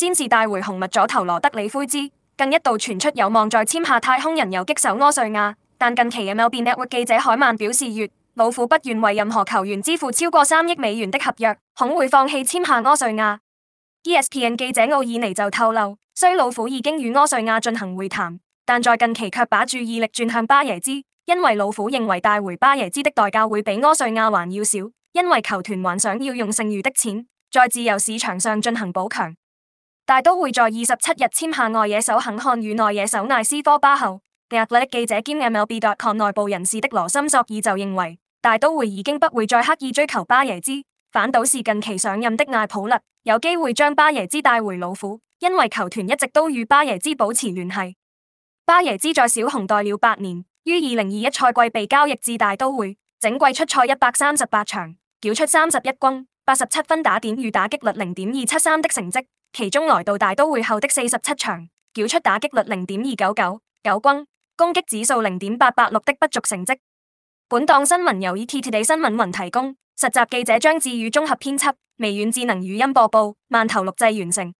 先是帶回紅襪左投羅德里奎茲，更一度傳出有望在簽下太空人游擊手柯瑞亞，但近期 MLB Network 記者海曼表示月，說老虎不願為任何球員支付超過三億美元的合約，恐會放棄簽下柯瑞亞。ESPN 記者奧爾尼就透露，雖老虎已經與柯瑞亞進行會談，但在近期卻把注意力轉向巴耶茲，因為老虎認為帶回巴耶茲的代價會比柯瑞亞還要少，因為球團還想要用剩餘的錢在自由市場上進行補強。大都會在二十七日簽下外野手肯漢與內野手艾斯科巴後，《The Athletic》記者兼 MLB 代刊內部人士的羅森索爾就認為，大都會已經不會再刻意追求巴耶茲，反倒是近期上任的艾普勒有機會將巴耶茲帶回老虎，因為球團一直都與巴耶茲保持聯繫。巴耶茲在小熊待了八年，於二零二一賽季被交易至大都會，整季出賽一百三十八場，繳出三十一轟、八十七分打點與打擊率零點二七三的成績。其中來到大都會後的四十七場，繳出打擊率零點二九九、九轟，攻擊指數零點八八六的不俗成績。本檔新聞由 ETtoday 新聞雲提供，實習記者張志宇綜合編輯，微軟智能語音播報，慢頭錄製完成。